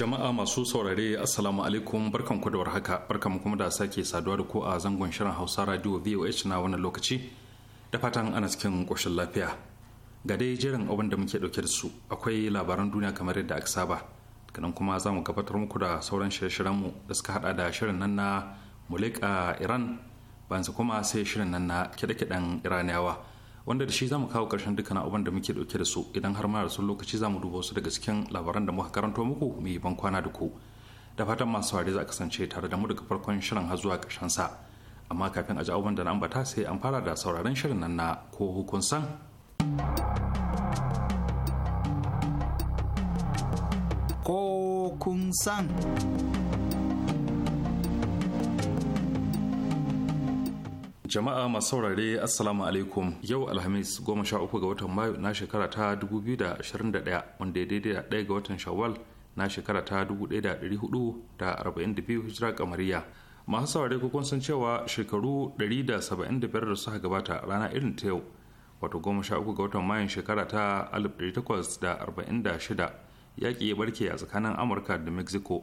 Jama'a masu saurare Assalamu alaikum barkan ku da warhaka barkan kuma da sake saduwa da ku a zangon shirin Hausa Radio VOH na wannan lokaci da fatan ana cikin ƙoshin lafiya. Ga dai jerin abin da muke ɗauke da su akwai labaran duniya kamar yadda aka saba kanan kuma za mu gabatar muku da sauran shirye mu da suka hada da shirin nan na Mulek a Iran bayan kuma sai shirin nan na kiɗe-kiɗen Iraniyawa. wanda da shi zamu kawo karshen dukkan abin da muke dauke da su idan har mara da sun lokaci zamu duba wasu daga cikin labaran da muka karanto muku mai ban kwana da ku da fatan masu saurare za a kasance tare da mu daga farkon shirin har zuwa karshen sa amma kafin a ji abin da na ambata sai an fara da sauraron shirin nan na ko hukun san ko kun san Jama'a masu saurare Assalamu alaikum yau Alhamis goma sha uku ga watan Mayu na shekara ta 2021 wanda ya daidai da ɗaya ga watan Shawwal na shekara ta 1442 hijira kamariya. Masu saurare kun san cewa shekaru 175 da suka gabata rana irin ta yau wato goma sha uku ga watan Mayu shekara ta 1846 yaƙi ya barke a tsakanin Amurka da Mexico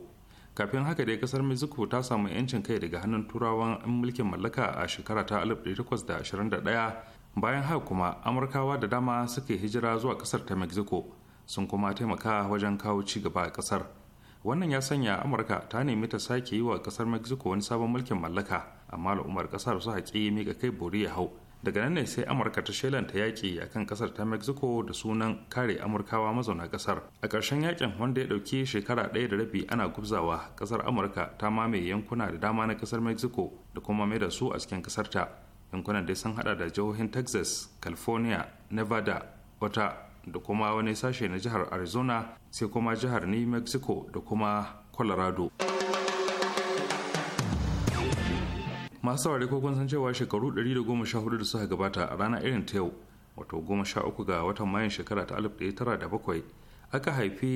kafin haka dai kasar mexico ta samu 'yancin kai daga hannun turawan 'yan mulkin mallaka a shekara ta 1821 bayan haka kuma amurkawa da dama suke hijira zuwa kasar ta mexico sun kuma taimaka wajen kawo ci gaba a kasar wannan ya sanya amurka ta nemi ta sake yi wa kasar mexico wani sabon mulkin mallaka amma al'ummar kasar su haƙi mika kai bori ya hau daga nan ne sai amurka ta shelanta yaƙi a kan ƙasar ta mexico da sunan kare amurkawa mazauna ƙasar a ƙarshen yaƙin wanda ya ɗauki shekara ɗaya da rabi ana gubzawa ƙasar amurka ta mamaye yankuna da dama na ƙasar mexico da kuma mai da su a cikin ƙasar yankunan dai sun hada da jihohin texas california nevada wata da kuma wani sashe na jihar arizona sai kuma jihar new mexico da kuma colorado masu saurari ko san cewa shekaru 114 da suka gabata a rana irin ta yau wato 13 ga watan mayan shekara ta 1907 aka haifi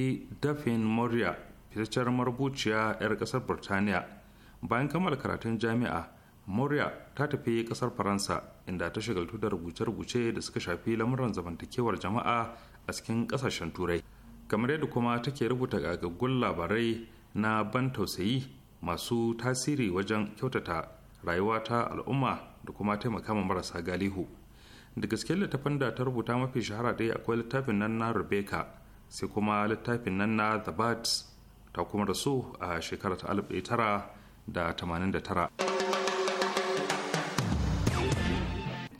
dafin moria fitaccen marubuciya 'yar kasar birtaniya bayan kammala karatun jami'a moria ta tafi kasar faransa inda ta shagaltu da rubuce-rubuce da suka shafi lamuran zamantakewar jama'a a cikin kasashen turai kamar yadda kuma take rubuta gagaggun labarai na ban tausayi masu tasiri wajen kyautata rayuwa ta al'umma da kuma taimaka ma marasa galihu da gaske littafin da ta rubuta mafi shahara dai akwai littafin nan na rebecca sai kuma littafin nan na the birds ta kuma rasu a shekara ta tara da tamanin da da tara.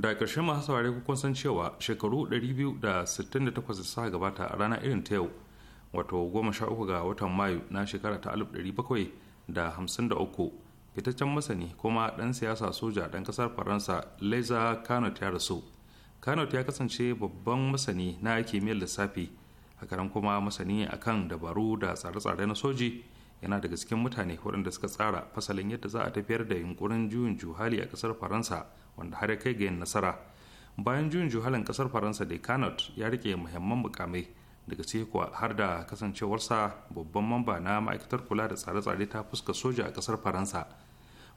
ƙarshe masu saurare kun san cewa shekaru 268 da suka gabata a rana irin ta yau wato 13 ga watan mayu na shekara ta 1753 fitaccen masani kuma ɗan siyasa soja ɗan ƙasar faransa leza kanot ya rasu kanot ya kasance babban masani na kimiyyar lissafi karan kuma masani a kan dabaru da tsare-tsare na soji yana daga cikin mutane waɗanda suka tsara fasalin yadda za a tafiyar da yunkurin juyin juhali a ƙasar faransa wanda har ya kai ga yin nasara bayan juyin juhalin ƙasar faransa da kanot ya rike muhimman mukamai daga kuwa har da kasancewarsa babban mamba na ma'aikatar kula da tsare-tsare ta fuska soja a kasar faransa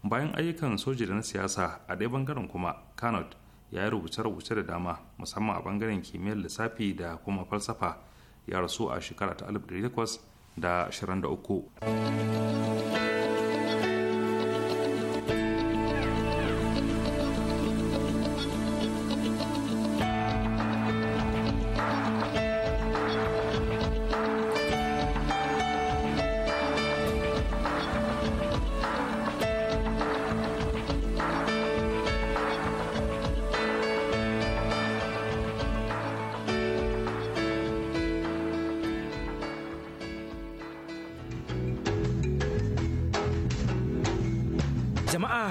bayan ayyukan soja da na siyasa a ɗaya bangaren kuma kanot ya yi rubuce-rubuce da dama musamman a bangaren kimiyyar lissafi da kuma falsafa ya rasu a shekara ta 1823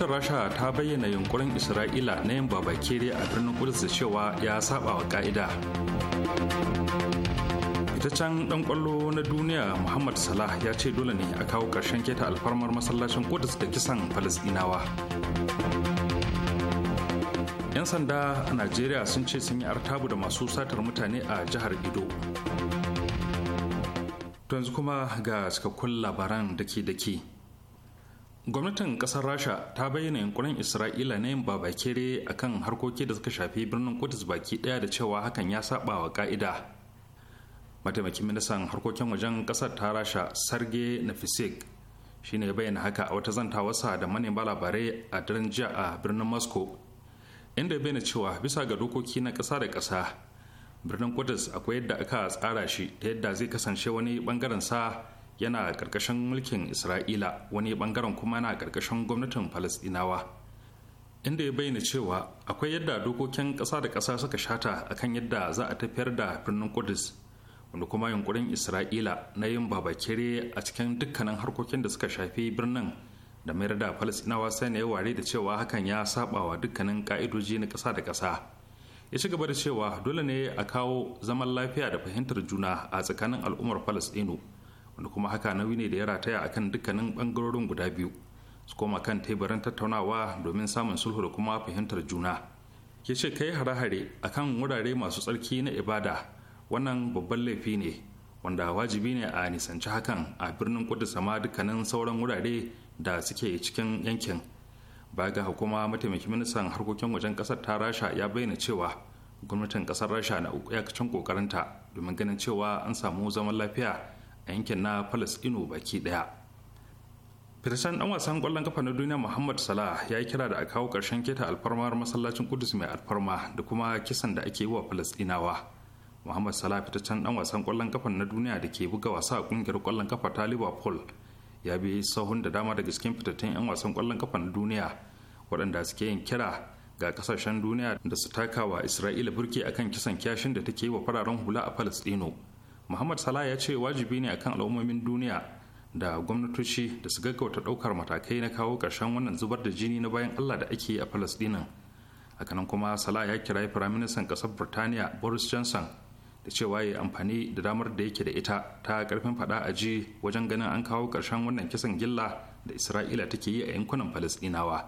gwamnatin rasha ta bayyana yunkurin isra'ila na yin babakere a birnin kudus da cewa ya saba wa ka'ida fitaccen ɗan ƙwallo na duniya muhammad salah ya ce dole ne a kawo ƙarshen keta alfarmar masallacin kudus da kisan Falasɗinawa. yan sanda a najeriya sun ce sun yi artabu da masu satar mutane a jihar ido yanzu kuma ga cikakkun labaran dake-dake gwamnatin kasar rasha ta bayyana yankunan isra'ila na yin babakere a kan harkoki da suka shafi birnin kudus baki daya da cewa hakan ya saba wa ka'ida mataimakin ministan harkokin wajen kasar ta rasha sarge nafisik shine ya bayyana haka a wata zantawarsa da manema labarai a daren jiya a birnin moscow inda ya bayyana cewa bisa ga dokoki na kasa da kasa birnin kudus akwai yadda aka tsara shi ta yadda zai kasance wani bangaren sa yana ƙarƙashin mulkin isra'ila wani bangaren kuma na ƙarƙashin gwamnatin falasɗinawa inda ya bayyana cewa akwai yadda dokokin ƙasa da ƙasa suka shata akan yadda za a tafiyar da birnin kudus wanda kuma yunkurin isra'ila na yin babakere a cikin dukkanin harkokin da suka shafi birnin da mayar da falasɗinawa sai ya ware da cewa hakan ya saɓawa dukkanin ka'idoji na ƙasa da ƙasa ya ci gaba da cewa dole ne a kawo zaman lafiya da fahimtar juna a tsakanin al'ummar falasɗinu wanda kuma haka nauyi ne da ya rataya a kan dukkanin bangarorin guda biyu su koma kan teburin tattaunawa domin samun sulhu da kuma fahimtar juna ya ce kai hare-hare kan wurare masu tsarki na ibada wannan babban laifi ne wanda wajibi ne a nisanci hakan a birnin kudus sama dukkanin sauran wurare da suke cikin yankin baya ga hukuma mataimakin ministan harkokin wajen kasar ta rasha ya bayyana cewa gwamnatin kasar rasha na iyakacin kokarinta domin ganin cewa an samu zaman lafiya yankin na palestino baki daya fitaccen dan wasan kwallon kafa na duniya muhammad salah ya yi kira da a kawo karshen keta alfarmar masallacin kudus mai alfarma da kuma kisan da ake yi wa palestinawa muhammad salah fitaccen dan wasan kwallon kafa na duniya da ke buga wasa a kungiyar kwallon kafa ta liverpool ya bi sahun da dama daga cikin fitattun 'yan wasan kwallon kafa na duniya waɗanda suke yin kira ga kasashen duniya da su taka wa isra'ila burki akan kisan kyashin da take yi wa fararen hula a palestino muhammad salah ya ce wajibi ne akan al'ummomin duniya da gwamnatoci da su gaggauta ɗaukar matakai na kawo karshen wannan zubar da jini na bayan allah da ake yi a falasɗinan hakanan kuma salah ya kira firaministan kasar Birtaniya boris johnson da cewa ya amfani da damar da yake da ita ta karfin fada a ji wajen ganin an kawo karshen wannan kisan gilla da isra'ila take yi a yankunan falasɗinawa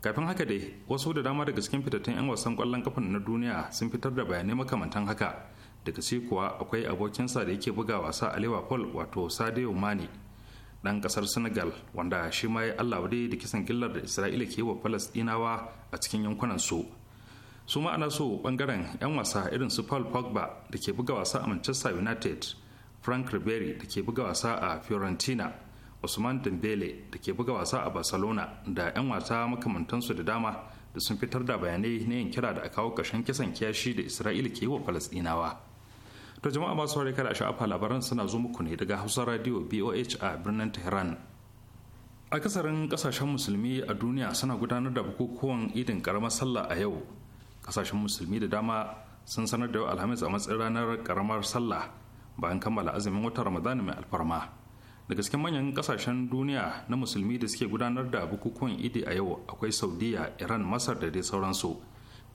kafin haka dai wasu da dama daga cikin fitattun 'yan wasan kwallon kafa na duniya sun fitar da bayanai makamantan haka daga shi kuwa akwai abokinsa da yake buga wasa a liverpool wato sadio mane dan kasar senegal wanda shi ma ya allah wadai da kisan gillar da isra'ila ke yi wa palestinawa a cikin yankunan su su ma ana so bangaren 'yan wasa irin su paul pogba da ke buga wasa a manchester united frank ribery da ke buga wasa a fiorentina usman dembele da ke buga wasa a barcelona da 'yan wasa makamantansu da dama da sun fitar da bayanai na yin kira da a kawo ƙarshen kisan kiyashi da isra'ila ke yi wa falasɗinawa to jama'a masu haure kada a sha'afa labaran suna zo muku ne daga hausa radio boh a birnin tehran akasarin kasashen musulmi a duniya suna gudanar da bukukuwan idin karamar sallah a yau kasashen musulmi da dama sun sanar da yau alhamis a matsayin ranar karamar sallah bayan kammala azumin watan ramadan mai alfarma da gaske manyan kasashen duniya na musulmi da suke gudanar da bukukuwan idi a yau akwai saudiya iran masar da dai sauransu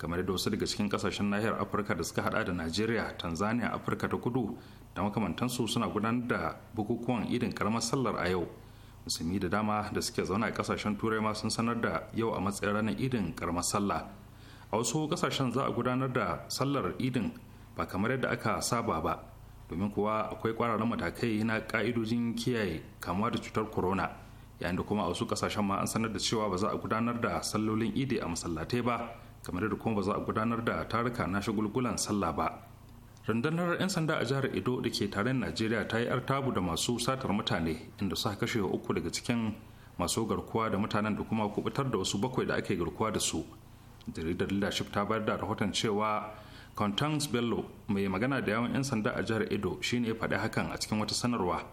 kamar da wasu daga cikin kasashen nahiyar afirka da suka hada da najeriya tanzania afirka ta kudu da makamantansu suna gudanar da bukukuwan idin karamar sallar a yau musulmi da dama da suke zaune a kasashen turai ma sun sanar da yau a matsayin ranar idin karamar sallah a wasu kasashen za a gudanar da sallar idin ba kamar yadda aka saba ba domin kuwa akwai kwararan matakai na ka'idojin kiyaye kamuwa da cutar corona yayin da kuma a wasu kasashen ma an sanar da cewa ba za a gudanar da sallolin idi a masallatai ba kamar yadda kuma ba za a gudanar da taruka na shagulgulan sallah ba rundunar 'yan sanda a jihar edo da ke taron najeriya ta yi artabu da masu satar mutane inda suka kashe uku daga cikin masu garkuwa da mutanen da kuma kubutar da wasu bakwai da ake garkuwa da su jaridar leadership ta bayar da rahoton cewa contents bello mai magana da yawan 'yan sanda a jihar edo shine ya faɗi hakan a cikin wata sanarwa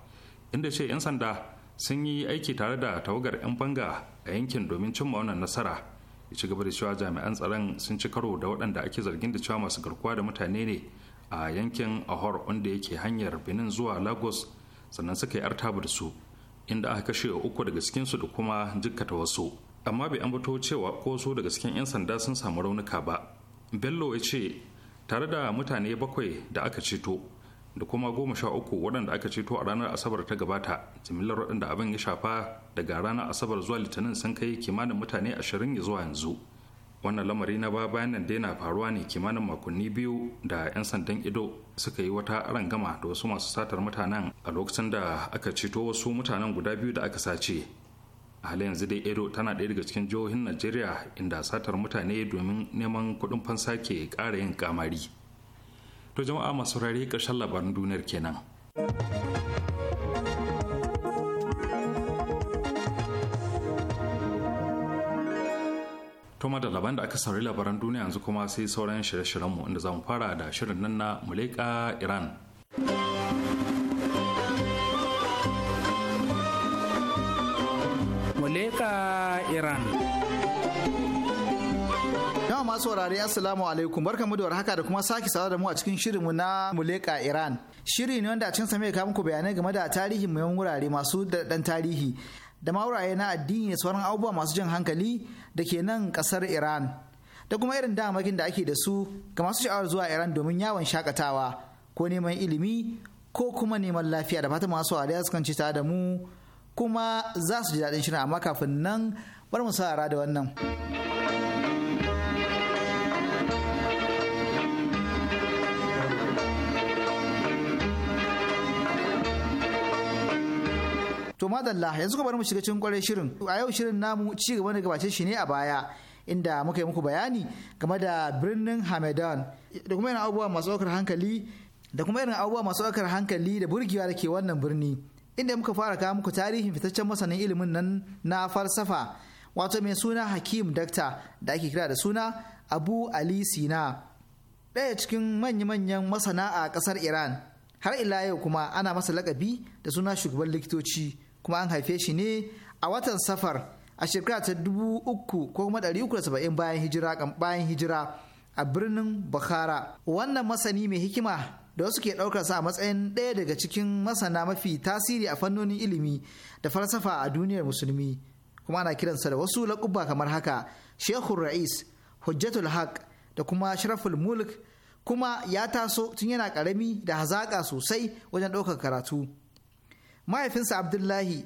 inda ce 'yan sanda sun yi aiki tare da tawagar 'yan banga a yankin domin cimma wannan nasara ya ci gaba da cewa jami'an tsaron sun ci karo da waɗanda ake zargin da cewa masu garkuwa da mutane ne a yankin ahor wanda yake hanyar benin zuwa lagos sannan suka yi artabu da su inda aka kashe uku daga cikinsu da kuma jikkata wasu amma bai ambato cewa ko su daga cikin 'yan sanda sun samu raunuka ba bello ya ce tare da mutane bakwai da aka ceto da kuma goma sha uku waɗanda aka ceto a ranar asabar ta gabata jimillar waɗanda abin ya shafa daga ranar asabar zuwa litinin sun kai kimanin mutane ashirin ya zuwa yanzu wannan lamari na ba bayan nan dai na faruwa ne kimanin makonni biyu da 'yan sandan ido suka yi wata rangama da wasu masu satar mutanen a lokacin da aka ceto wasu mutanen guda biyu da aka sace a halin yanzu dai edo tana ɗaya daga cikin jihohin najeriya inda satar mutane domin neman kuɗin fansa ke ƙara yin kamari to jama'a masu rari ƙarshen labaran duniyar kenan. Toma da labaran da aka saurari labaran duniya yanzu kuma sai sauran shirye-shiryenmu inda za mu fara da shirin nan na Muleka Iran. Muleka Iran. masu saurare assalamu alaikum barkamu da warhaka da kuma sake sa da mu a cikin shirinmu na Muleka Iran. Shiri ne wanda a cikin sa mai muku bayanai game da tarihin muhimman wurare masu daɗan tarihi da ma wurare na addini da sauran abubuwa masu jan hankali da ke nan ƙasar Iran. Da kuma irin damakin da ake da su ga masu sha'awar zuwa Iran domin yawon shakatawa ko neman ilimi ko kuma neman lafiya da fatan masu saurare su kanci da mu kuma za su ji daɗin shirin amma kafin nan bar mu saurara da wannan. to madalla yanzu ka bari mu shiga cikin kwarai shirin a yau shirin namu ci gaba da gabace shi ne a baya inda muka yi muku bayani game da birnin hamadan da kuma irin abubuwa masu ɗaukar hankali da kuma irin abubuwa masu ɗaukar hankali da burgewa da ke wannan birni inda muka fara kawo muku tarihin fitaccen masanin ilimin nan na falsafa wato mai suna hakim dakta da ake kira da suna abu ali sina ɗaya cikin manya-manyan masana a ƙasar iran har ila yau kuma ana masa lakabi da suna shugaban likitoci kuma an haife shi ne a watan safar a shekara ta dubu uku ko kuma ɗari uku da saba'in bayan hijira bayan hijira a birnin Bukhara. Wannan masani mai hikima da wasu ke ɗaukar sa a matsayin ɗaya daga cikin masana mafi tasiri a fannonin ilimi da falsafa a duniyar musulmi. Kuma ana kiransa da wasu laƙuba kamar haka Shehun Ra'is, Hujjatul Haq da kuma Sharaful Mulk kuma ya taso tun yana ƙarami da hazaƙa sosai wajen ɗaukar karatu. mahaifinsa abdullahi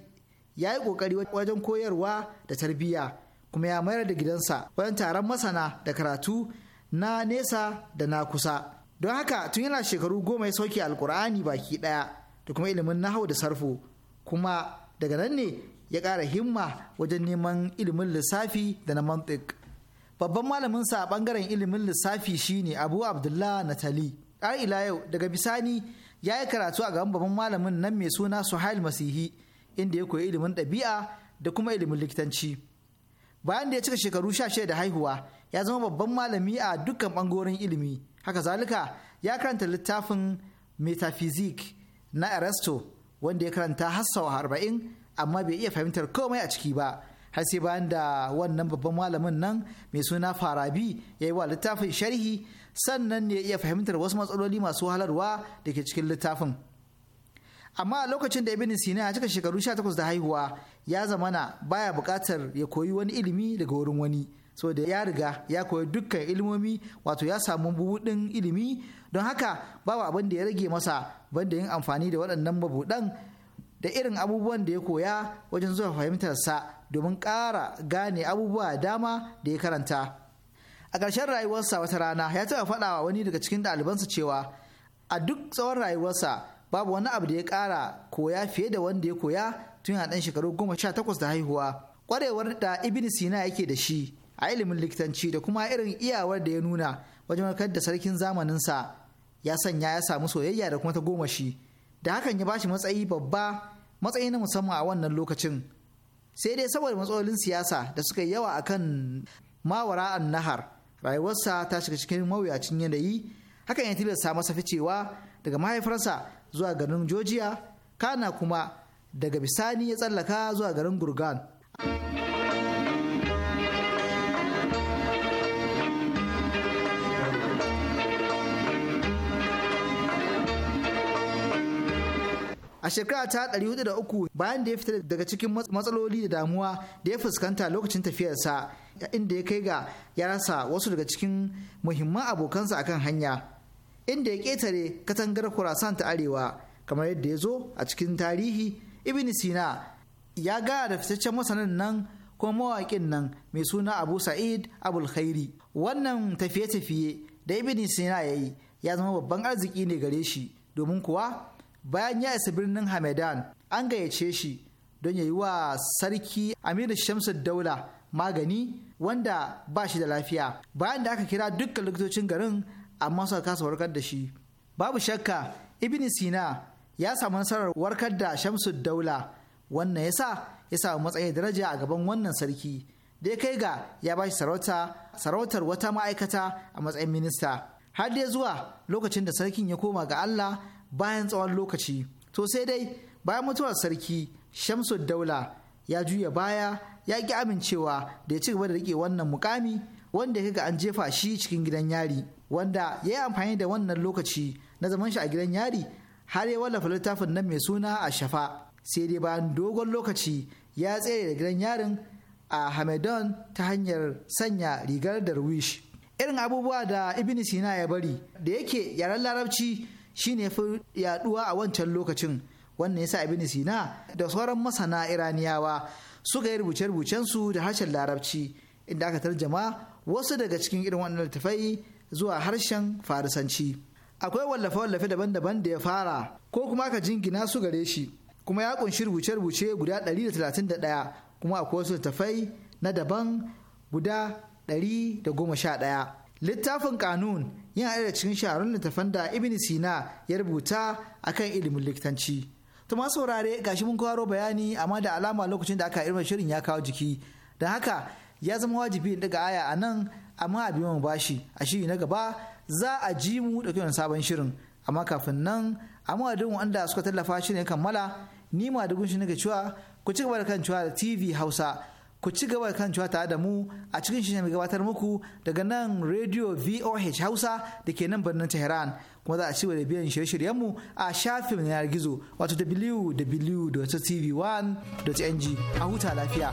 ya yi kokari wajen koyarwa da tarbiyya kuma ya mayar da gidansa wajen taron masana da karatu na nesa da na kusa don haka tun yana shekaru goma ya sauke alkur'ani baki daya da kuma ilimin nahau da sarfo kuma daga nan ne ya ƙara himma wajen neman ilimin lissafi da na mantik babban malaminsa a ɓangaren ilimin lissafi shine abu abdullah natali ila yau daga bisani ya yi karatu a gaban babban malamin nan mai suna suhail masihi inda ya koyi ilimin ɗabi'a da kuma ilimin likitanci bayan da ya cika shekaru sha shida da haihuwa ya zama babban malami a dukkan ɓangoren ilimi haka zalika ya karanta littafin metaphysic na aristo wanda ya karanta hassawa arba'in amma bai iya fahimtar komai a ciki ba har sai bayan da wannan babban malamin nan mai suna farabi ya yi wa littafin sharhi sannan ne ya iya fahimtar wasu matsaloli masu wahalarwa da ke cikin littafin amma a lokacin da ibn sina ya cika shekaru 18 da haihuwa ya zamana baya buƙatar ya koyi wani ilimi daga wurin wani so da ya riga ya koyi dukkan ilimomi wato ya samu bubudin ilimi don haka babu abin da ya rage masa banda yin amfani da waɗannan mabuɗan da irin abubuwan da ya koya wajen zuwa fahimtarsa domin kara gane abubuwa dama da ya karanta. A ƙarshen rayuwarsa wata rana ya taɓa faɗawa wani daga cikin ɗalibansa cewa a duk tsawon rayuwarsa babu wani abu da ya kara koya fiye da wanda ya koya tun yana ɗan shekaru goma sha takwas da haihuwa. Ƙwarewar da Ibn Sina yake da shi a ilimin likitanci da kuma irin iyawar da ya nuna wajen warkar da sarkin zamaninsa ya sanya ya samu soyayya da kuma ta goma shi. da hakan ya bashi matsayi babba matsayi na musamman a wannan lokacin sai dai saboda matsalolin siyasa da suka yi yawa kan mawara an nahar rayuwarsa ta shiga cikin mawuyacin yanayi hakan ya tilasta masa ficewa daga mahaifarsa zuwa garin georgia kana kuma daga bisani ya tsallaka zuwa garin gurgan. a shekara ta da 403 bayan da ya fita daga cikin matsaloli da damuwa da ya fuskanta lokacin tafiyarsa inda ya kai ga ya rasa wasu daga cikin muhimman abokansa akan hanya inda ya ketare katangar kurasan ta arewa kamar yadda ya zo a cikin tarihi ibn sina ya gaya da fitaccen masanin nan kuma mawaƙin nan mai suna abu sa'id abul khairi wannan tafiye-tafiye da ibn sina ya yi ya zama babban arziki ne gare shi domin kuwa bayan ya isa birnin hamadan an gayyace shi don ya yi wa sarki aminu shamsu daula magani wanda ba shi da lafiya bayan da aka kira dukkan likitocin garin amma suka kasa warkar da shi babu shakka ibn sina ya samu nasarar warkar da shamsu daula wannan yasa ya samu matsayin daraja a gaban wannan sarki da ya kai ga ya ba shi sarauta sarautar wata ma'aikata a matsayin minista har dai zuwa lokacin da sarkin ya koma ga Allah bayan tsawon lokaci to sai dai bayan mutuwar sarki shamsud daula ya juya baya ya ki amincewa da ya ci gaba da rike wannan mukami wanda ya ga an jefa shi cikin gidan yari wanda ya yi amfani da wannan lokaci na zaman shi a gidan yari har ya wallafa littafin nan mai suna a shafa sai dai bayan dogon lokaci ya tsere da gidan yarin a hamadan ta hanyar sanya rigar darwish irin abubuwa da ibn sina ya bari da yake yaren larabci Shi ne fi yaduwa a wancan lokacin wannan yasa ibn sina da sauran masana iraniyawa suka yi rubuce-rubucen su da harshen larabci inda aka tarjama wasu daga cikin irin wannan littafai zuwa harshen farisanci akwai wallafe-wallafe daban-daban da ya fara ko kuma aka jingina su gare shi kuma ya kunshi rubuce-rubuce guda 131 kuma akwai wasu littafai na daban guda 111 littafin kanun yana da cikin shaharun littafan da ibn sina ya rubuta akan ilimin likitanci to ma saurare gashi mun kwaro bayani amma da alama lokacin da aka irin shirin ya kawo jiki don haka ya zama wajibi in daga aya a nan amma a biyan bashi a shiri na gaba za a ji mu da kiran sabon shirin amma kafin nan a madadin wanda suka tallafa shirin ne kammala ni ma da gunshi nake cewa ku ci gaba da kan cewa da tv hausa ku ci gaba da kasancewa tare da mu a cikin shirin mai gabatar muku daga nan radio voh hausa da ke nan birnin tehran kuma za a ci da biyan shirye-shiryenmu a shafin yanar gizo wato www.tv1.ng a huta lafiya.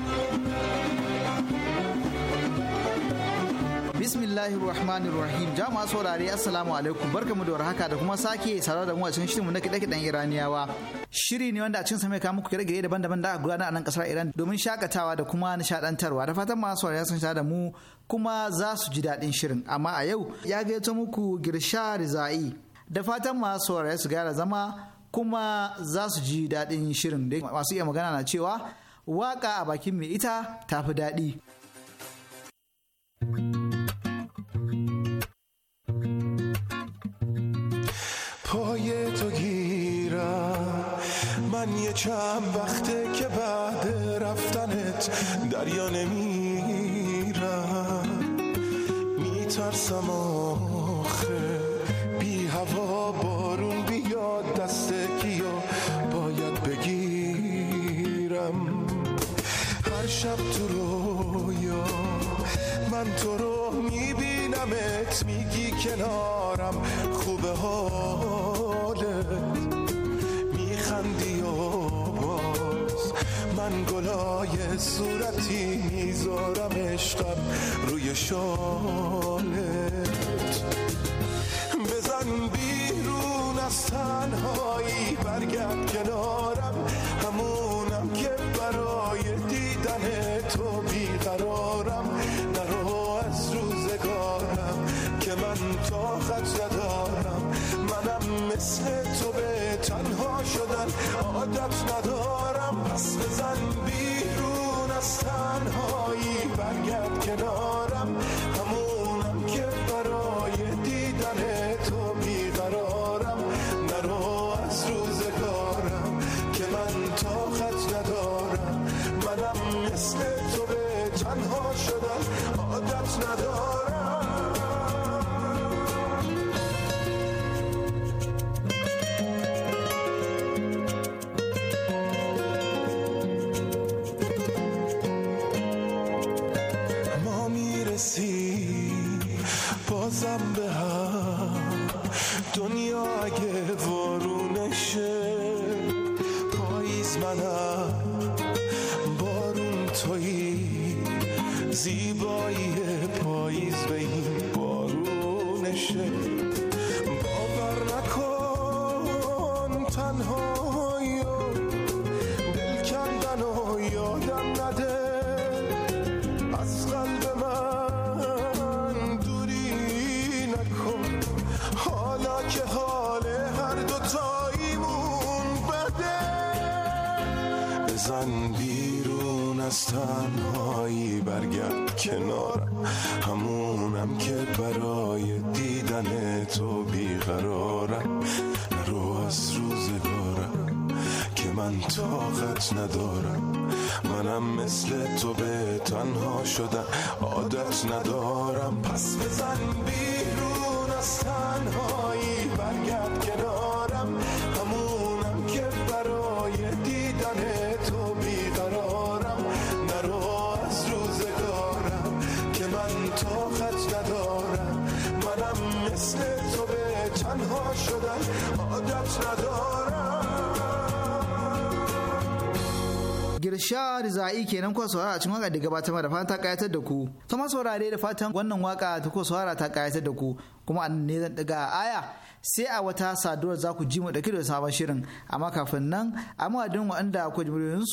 Bismillahi rahmanir rahim jama'a saurare assalamu alaikum barkamu da warhaka da kuma sake sarar da mu a cikin shirinmu na kiɗe-kiɗen iraniyawa shiri ne wanda a cikin sa mai kawo muku kiɗe daban-daban da aka gudanar a nan kasar iran domin shakatawa da kuma nishadantarwa da fatan masu saurare sun da mu kuma za su ji daɗin shirin amma a yau ya gayyato muku girsha rizai da fatan masu saurare su gyara zama kuma za su ji dadin shirin da masu iya magana na cewa waka a bakin mai ita tafi daɗi. من یه چند وقته که بعد رفتنت دریا نمیرم میترسم آخه بی هوا بارون بیاد دست کیا باید بگیرم هر شب تو یا من تو رو میبینمت میگی کنارم خوبه ها من گلای صورتی میذارم عشقم روی شالت بزن بیرون از تنهایی برگرد کنار برای دیدن تو بیقرارم نرو از روزگارم که من طاقت ندارم منم مثل تو به تنها شدن عادت ندارم پس بزن بیرون از تنهایی برگرد Girsha Rizai kenan kuwa saurara a cikin waka da gabatar da fatan ta kayatar da ku. Sama saurare da fatan wannan waka ta kuwa saurara ta kayatar da ku kuma an ne zan daga aya sai a wata saduwar za ku ji mu dauke da sabon shirin amma kafin nan a madadin waɗanda ku jimirin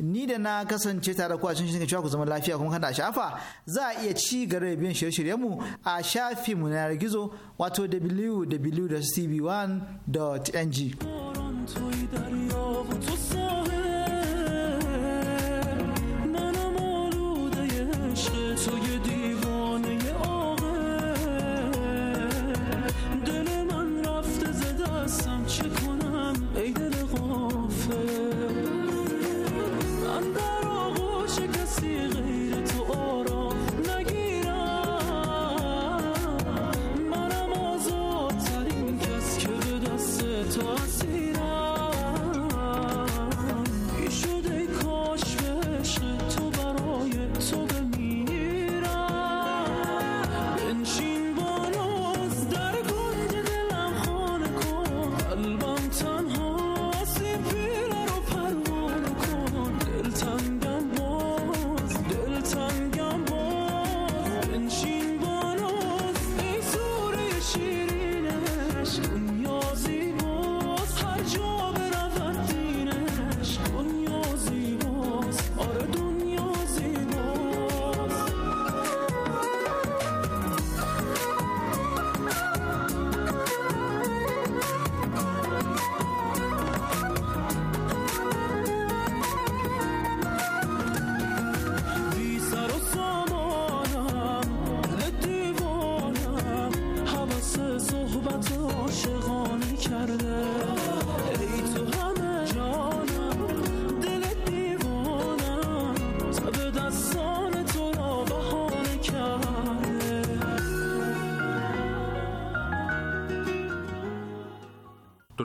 ni da na kasance tare ku a cikin shirin cewa ku zama lafiya kuma kada shafa za a iya ci gaba da biyan shirye-shiryen mu a shafin mu na gizo wato www.tv1.ng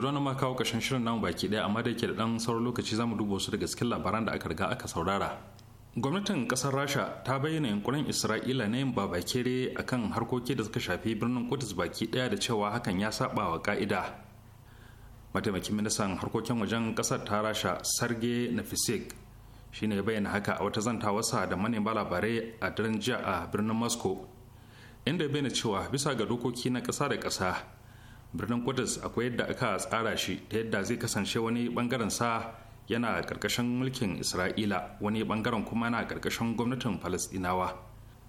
to don ma kawo ƙarshen shirin namu baki ɗaya amma da yake da ɗan sauran lokaci zamu duba su daga cikin labaran da aka riga aka saurara gwamnatin kasar rasha ta bayyana yunkurin isra'ila na yin babakere a kan harkoki da suka shafi birnin kudus baki ɗaya da cewa hakan ya saba wa ƙa'ida mataimakin ministan harkokin wajen kasar ta rasha sarge nafisik shi ne bayyana haka a wata zantawarsa da manema labarai a daren jiya a birnin moscow inda ya bayyana cewa bisa ga dokoki na kasa da kasa. birnin kudus akwai yadda aka tsara shi ta yadda zai kasance wani bangaren sa yana karkashin mulkin isra'ila wani bangaren kuma yana karkashin gwamnatin falasdinawa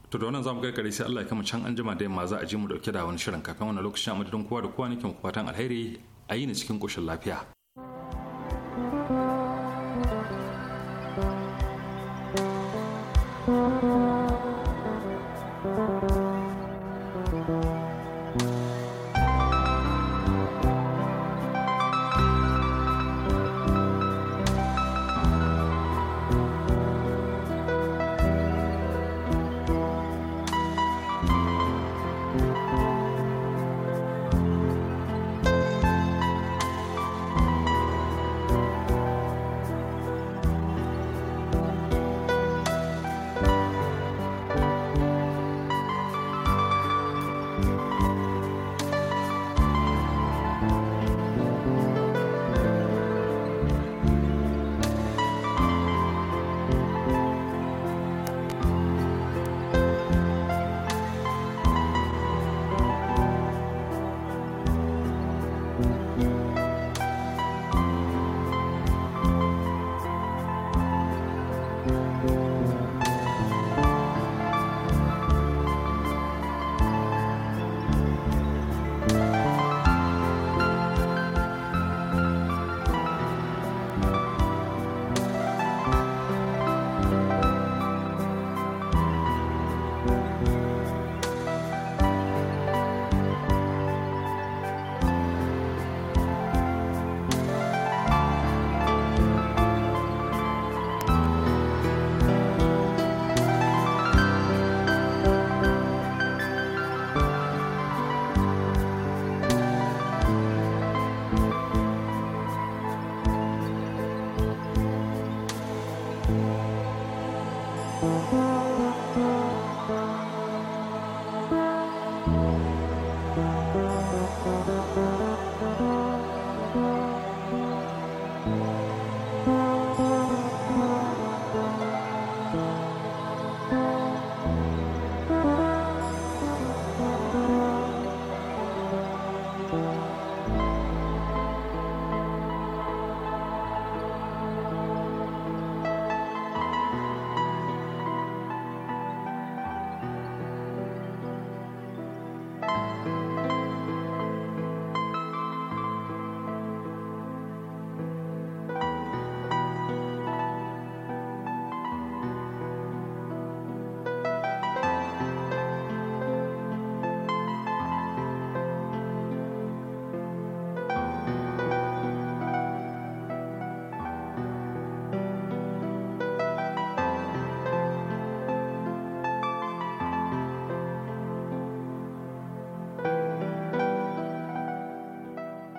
to da wannan zamu karkare sai Allah ya kama can anjima da yamma za a ji mu dauke da wani shirin kafin wannan lokacin a madadin kowa da kowa nake fatan alheri a yi ni cikin koshin lafiya